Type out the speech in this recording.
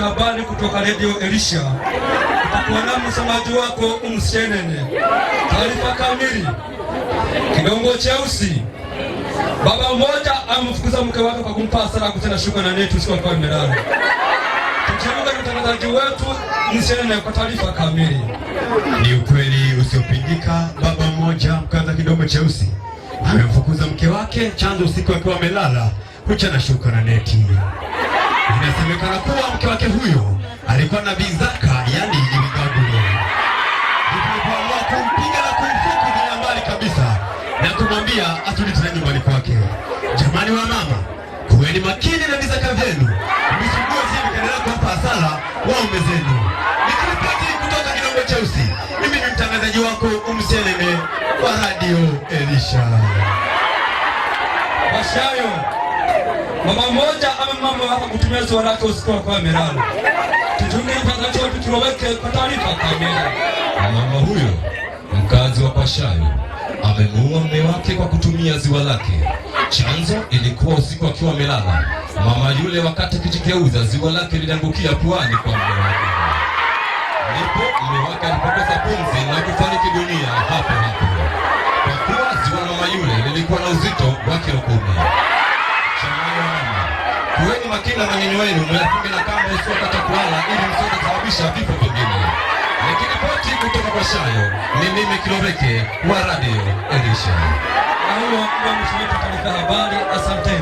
Habari kutoka Radio Elisha, utakuwa msemaji wako Umshenene. Taarifa kamili. Kidongo cheusi, baba mmoja amfukuza mke wake kwa kumpa hasara kutana shuka na neti usiku akiwa amelala. Tukiruka mtangazaji wetu Umshenene kwa taarifa kamili. Ni ukweli usiopingika, baba mmoja mkaza kidongo cheusi amemfukuza mke wake chanzo usiku akiwa amelala kucha na shuka na neti. Inasemekana kuwa mke wake huyo alikuwa na bizaka, yani imikagulo, ikaamua kumpiga na kumfuku kila mbali kabisa na kumwambia aturudi tena nyumbani kwake. Jamani wa mama, kuweni makini na bizaka vyenu, msugue zimkaendelea kuwapa hasara waume zenu. Nikiripoti kutoka Kidogo Cheusi, mimi ni mtangazaji wako Umseleme wa Radio Elisha Washayo mama mmoja ama mama akutumia ziwa lake usiku kwa amelala. Tutumie kitakachotu tuweke kwa taarifa kamera. Mama huyo mkazi wa Pashayo amemuua mume wake kwa kutumia ziwa lake. Chanzo ilikuwa usiku akiwa amelala, mama yule wakati akijigeuza, ziwa lake liliangukia puani kwa mume wake, ndipo mume wake alipokosa pumzi na kufanya kulinda mwenyenyo wenu myafunge na kamba isiyoka takuala, ili msiweze kusababisha vifo vingine. Nikiripoti kutoka kwa Shayo, ni mimi Kiloreke wa Radio Elisha. Mheshimiwa Mkuu wa Habari, asante.